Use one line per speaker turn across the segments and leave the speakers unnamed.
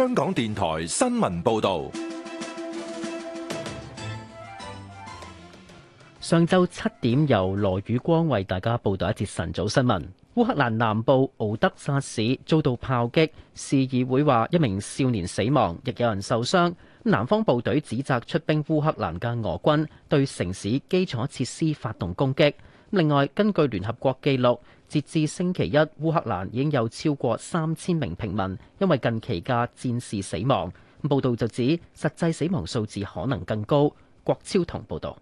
香港電
台新聞報道：上晝七點，由羅宇光為大家報道一節晨早新聞。烏克蘭南部敖德薩市遭到炮擊，市議會話一名少年死亡，亦有人受傷。南方部隊指責出兵烏克蘭嘅俄軍對城市基礎設施發動攻擊。另外，根據聯合國記錄，截至星期一，烏克蘭已經有超過三千名平民因為近期嘅戰事死亡。報道就指，實際死亡數字可能更高。郭超同報導，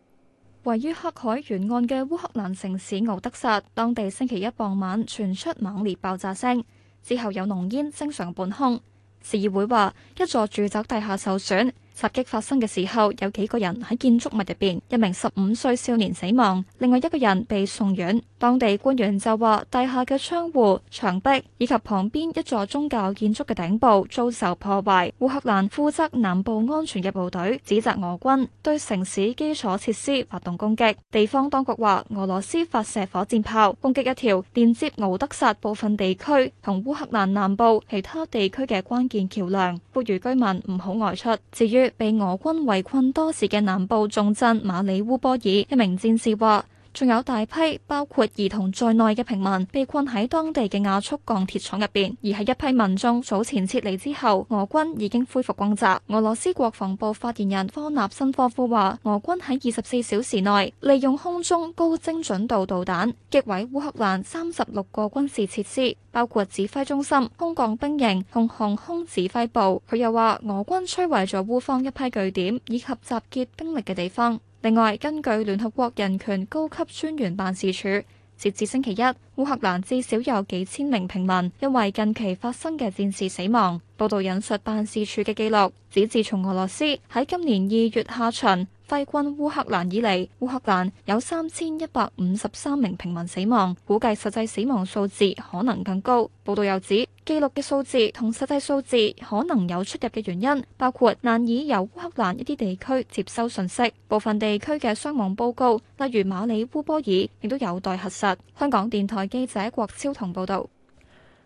位於黑海沿岸嘅烏克蘭城市敖德薩，當地星期一傍晚傳出猛烈爆炸聲，之後有濃煙升上半空。市議會話，一座住宅地下受損。襲擊發生嘅時候，有幾個人喺建築物入邊，一名十五歲少年死亡，另外一個人被送院。當地官員就話，地下嘅窗戶、牆壁以及旁邊一座宗教建築嘅頂部遭受破壞。烏克蘭負責南部安全嘅部隊指責俄軍對城市基礎設施發動攻擊。地方當局話，俄羅斯發射火箭炮攻擊一條連接敖德薩部分地區同烏克蘭南部其他地區嘅關鍵橋梁，呼籲居民唔好外出。至於被俄軍圍困多時嘅南部重鎮馬里烏波爾，一名戰士話，仲有大批包括兒童在內嘅平民被困喺當地嘅亞速鋼鐵廠入邊，而喺一批民眾早前撤離之後，俄軍已經恢復轟炸。俄羅斯國防部發言人科納申科夫話：俄軍喺二十四小時內利用空中高精準度導彈擊毀烏克蘭三十六個軍事設施，包括指揮中心、空降兵營同航空指揮部。佢又話：俄軍摧毀咗烏方一批據點以及集結兵力嘅地方。另外，根據聯合國人權高級專員辦事處，截至星期一，烏克蘭至少有幾千名平民因為近期發生嘅戰事死亡。報道引述辦事處嘅記錄，指自從俄羅斯喺今年二月下旬，揮軍烏克蘭以嚟，烏克蘭有三千一百五十三名平民死亡，估計實際死亡數字可能更高。報道又指，記錄嘅數字同實際數字可能有出入嘅原因，包括難以由烏克蘭一啲地區接收信息，部分地區嘅傷亡報告，例如馬里烏波爾，亦都有待核實。香港電台記者郭超同報道。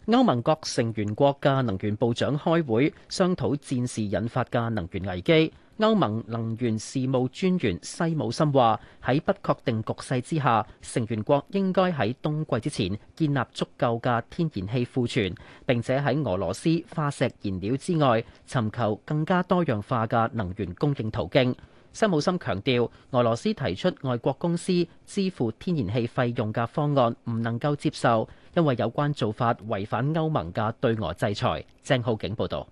歐盟各成員國嘅能源部長開會商討戰事引發嘅能源危機。歐盟能源事務專員西姆森話：喺不確定局勢之下，成員國應該喺冬季之前建立足夠嘅天然氣庫存，並且喺俄羅斯化石燃料之外，尋求更加多樣化嘅能源供應途徑。西姆森強調，俄羅斯提出外國公司支付天然氣費用嘅方案唔能夠接受，因為有關做法違反歐盟嘅對俄制裁。鄭浩景報道。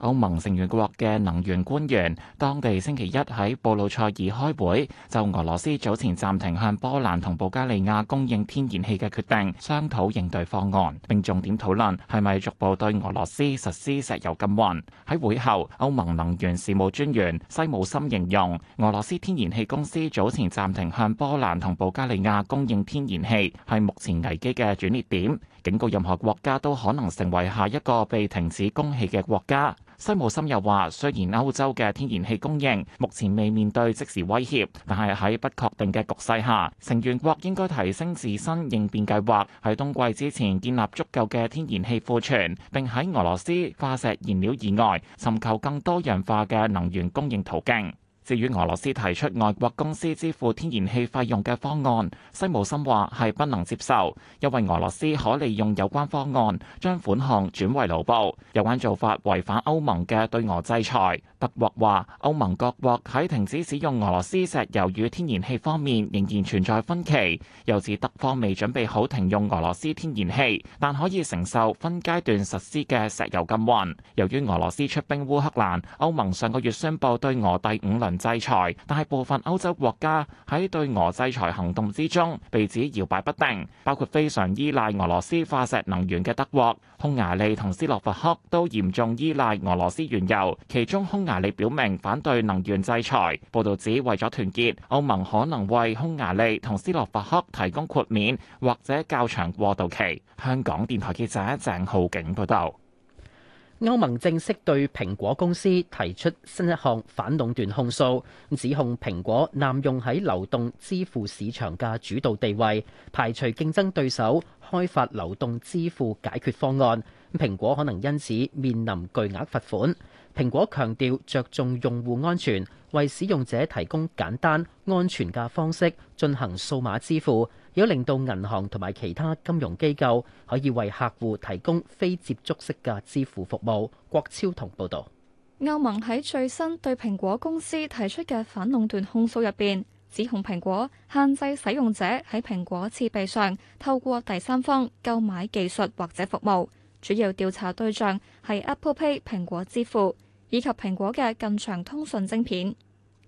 歐盟成員國嘅能源官員，當地星期一喺布魯塞爾開會，就俄羅斯早前暫停向波蘭同保加利亞供應天然氣嘅決定，商討應對方案，並重點討論係咪逐步對俄羅斯實施石油禁運。喺會後，歐盟能源事務專員西姆森形容，俄羅斯天然氣公司早前暫停向波蘭同保加利亞供應天然氣，係目前危機嘅轉捩點。警告任何國家都可能成為下一個被停止供氣嘅國家。西姆森又話，雖然歐洲嘅天然氣供應目前未面對即時威脅，但係喺不確定嘅局勢下，成員國應該提升自身應變計劃，喺冬季之前建立足夠嘅天然氣庫存，並喺俄羅斯化石燃料以外尋求更多樣化嘅能源供應途徑。至於俄羅斯提出外國公司支付天然氣費用嘅方案，西姆森話係不能接受，因為俄羅斯可利用有關方案將款項轉為盧布，有關做法違反歐盟嘅對俄制裁。德國話，歐盟各國喺停止使用俄羅斯石油與天然氣方面仍然存在分歧，由此德方未準備好停用俄羅斯天然氣，但可以承受分階段實施嘅石油禁運，由於俄羅斯出兵烏克蘭，歐盟上個月宣佈對俄第五輪制裁，但係部分歐洲國家喺對俄制裁行動之中，被指搖擺不定。包括非常依賴俄羅斯化石能源嘅德國、匈牙利同斯洛伐克，都嚴重依賴俄羅斯原油。其中，匈牙利表明反對能源制裁。報道指，為咗團結，歐盟可能為匈牙利同斯洛伐克提供豁免或者較長過渡期。香港
電台記者、鄭浩景報道。歐盟正式對蘋果公司提出新一項反壟斷控訴，指控蘋果濫用喺流動支付市場嘅主導地位，排除競爭對手，開發流動支付解決方案。蘋果可能因此面臨巨額罰款。蘋果強調着重用戶安全，為使用者提供簡單、安全嘅方式進行數碼支付。如果令到銀行同埋其他金融機構可以為客戶提供非接觸式嘅支付服務。郭超同報道。
歐盟喺最新對蘋果公司提出嘅反壟斷控訴入邊，指控蘋果限制使用者喺蘋果設備上透過第三方購買技術或者服務，主要調查對象係 Apple Pay、蘋果支付以及蘋果嘅近場通訊晶片。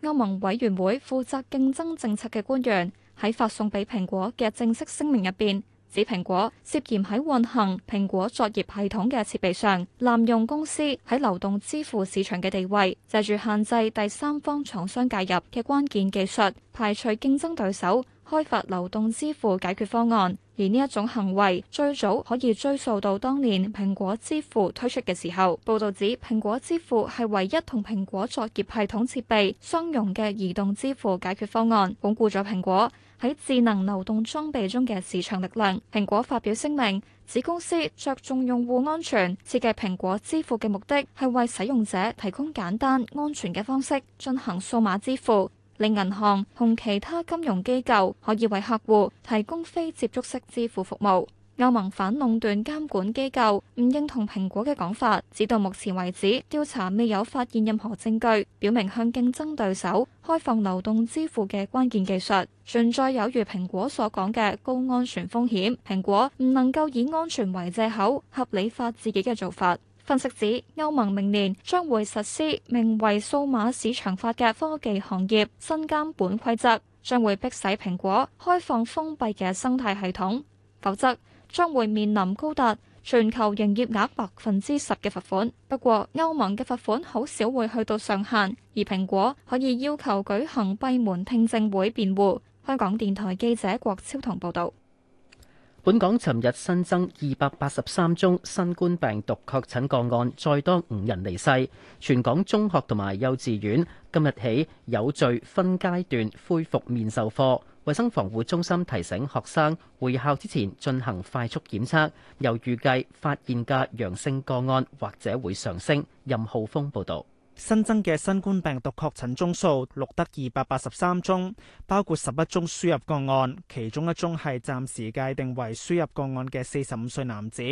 歐盟委員會負責競爭政策嘅官員喺發送俾蘋果嘅正式聲明入邊，指蘋果涉嫌喺運行蘋果作業系統嘅設備上，濫用公司喺流動支付市場嘅地位，藉住限制第三方廠商介入嘅關鍵技術，排除競爭對手，開發流動支付解決方案。而呢一種行為最早可以追溯到當年蘋果支付推出嘅時候。報道指蘋果支付係唯一同蘋果作業系統設備相容嘅移動支付解決方案，鞏固咗蘋果喺智能流動裝備中嘅市場力量。蘋果發表聲明，指公司着重用戶安全設計蘋果支付嘅目的係為使用者提供簡單安全嘅方式進行數碼支付。令銀行同其他金融機構可以為客戶提供非接觸式支付服務。歐盟反壟斷監管機構唔認同蘋果嘅講法，直到目前為止，調查未有發現任何證據表明向競爭對手開放流動支付嘅關鍵技術存在有如蘋果所講嘅高安全風險。蘋果唔能夠以安全為藉口合理化自己嘅做法。分析指，歐盟明年將會實施名為《數碼市場法》嘅科技行業新監管規則，將會迫使蘋果開放封閉嘅生態系統，否則將會面臨高達全球營業額百分之十嘅罰款。不過，歐盟嘅罰款好少會去到上限，而蘋果可以要求舉行閉門聽證會辯護，香港電台記者郭超棠報道。
本港尋日新增二百八十三宗新冠病毒確診個案，再多五人離世。全港中學同埋幼稚園今日起有序分階段恢復面授課。衛生防護中心提醒學生回校之前進行快速檢測，又預計發現嘅陽性個案或者會上升。任浩峰報導。
新增嘅新冠病毒確診宗數錄得二百八十三宗，包括十一宗輸入個案，其中一宗係暫時界定為輸入個案嘅四十五歲男子。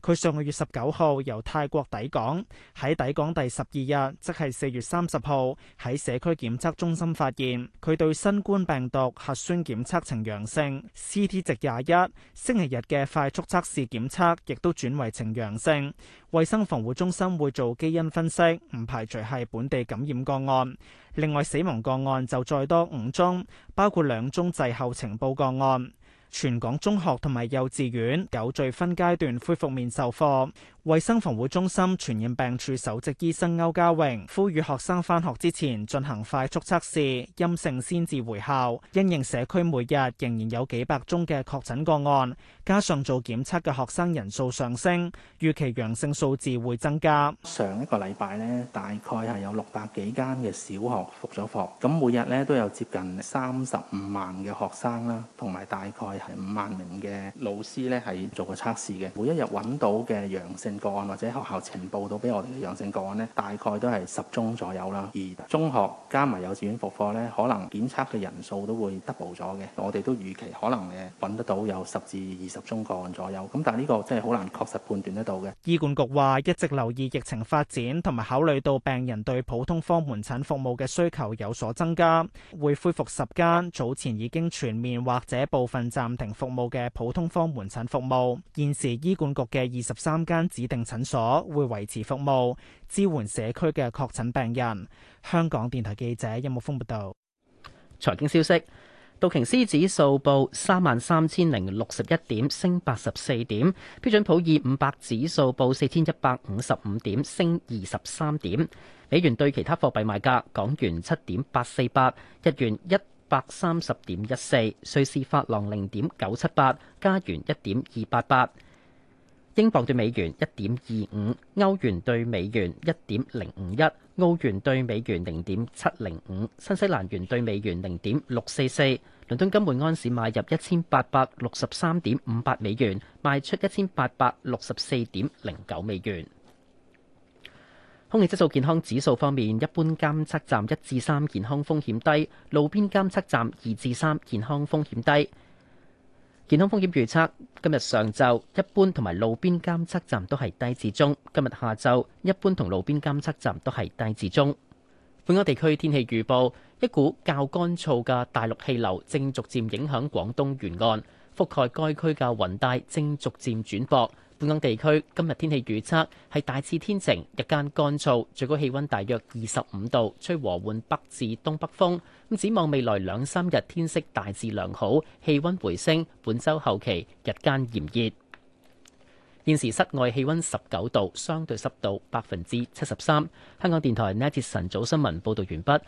佢上個月十九號由泰國抵港，喺抵港第十二日，即係四月三十號喺社區檢測中心發現佢對新冠病毒核酸檢測呈陽性，C T 值廿一，星期日嘅快速測試檢測亦都轉為呈陽性。衛生防護中心會做基因分析，唔排除係本地感染個案。另外，死亡個案就再多五宗，包括兩宗滯後呈報個案。全港中學同埋幼稚園有序分階段恢復面授課。衛生防護中心傳染病處首席醫生歐家榮呼籲學生返學之前進行快速測試，陰性先至回校。因應社區每日仍然有幾百宗嘅確診個案，加上做檢測嘅學生人數上升，預期陽性數字會增加。上一個禮拜呢，大概係有六百幾間嘅小學復咗課，咁每日呢，都有接近三十五萬嘅學生啦，同埋大概係五萬名嘅老師呢，係做過測試嘅，每一日揾到嘅陽性。個案或者學校呈報到俾我哋嘅陽性個案呢，大概都係十宗左右啦。而中學加埋幼稚園復課呢，可能檢測嘅人數都會 double 咗嘅。我哋都預期可能誒揾得到有十至二十宗個案左右。咁但係呢個真係好難確實判斷得到嘅。醫管局話一直留意疫情發展，同埋考慮到病人對普通科門診服務嘅需求有所增加，會恢復十間早前已經全面或者部分暫停服務嘅普通科門診服務。現時醫管局嘅二十三間定診所會維持服務，支援社區嘅確診病人。香港電台記者任木峰報道。
財經消息：道瓊斯指數報三萬三千零六十一點，升八十四點；標準普爾五百指數報四千一百五十五點，升二十三點。美元兌其他貨幣買價：港元七點八四八，日元一百三十點一四，瑞士法郎零點九七八，加元一點二八八。英鎊兌美元一點二五，歐元兌美元一點零五一，澳元兌美元零點七零五，新西蘭元兌美元零點六四四。倫敦金每安士買入一千八百六十三點五八美元，賣出一千八百六十四點零九美元。空氣質素健康指數方面，一般監測站一至三健康風險低，路邊監測站二至三健康風險低。健康風險預測：今日上晝一般同埋路邊監測站都係低至中。今日下晝一般同路邊監測站都係低至中。本港地區天氣預報：一股較乾燥嘅大陸氣流正逐漸影響廣東沿岸，覆蓋該區嘅雲帶正逐漸轉薄。本港地區今日天氣預測係大致天晴，日間乾燥，最高氣温大約二十五度，吹和緩北至東北風。咁展望未來兩三日天色大致良好，氣温回升。本週後期日間炎熱。現時室外氣温十九度，相對濕度百分之七十三。香港電台呢節晨早新聞報道完畢。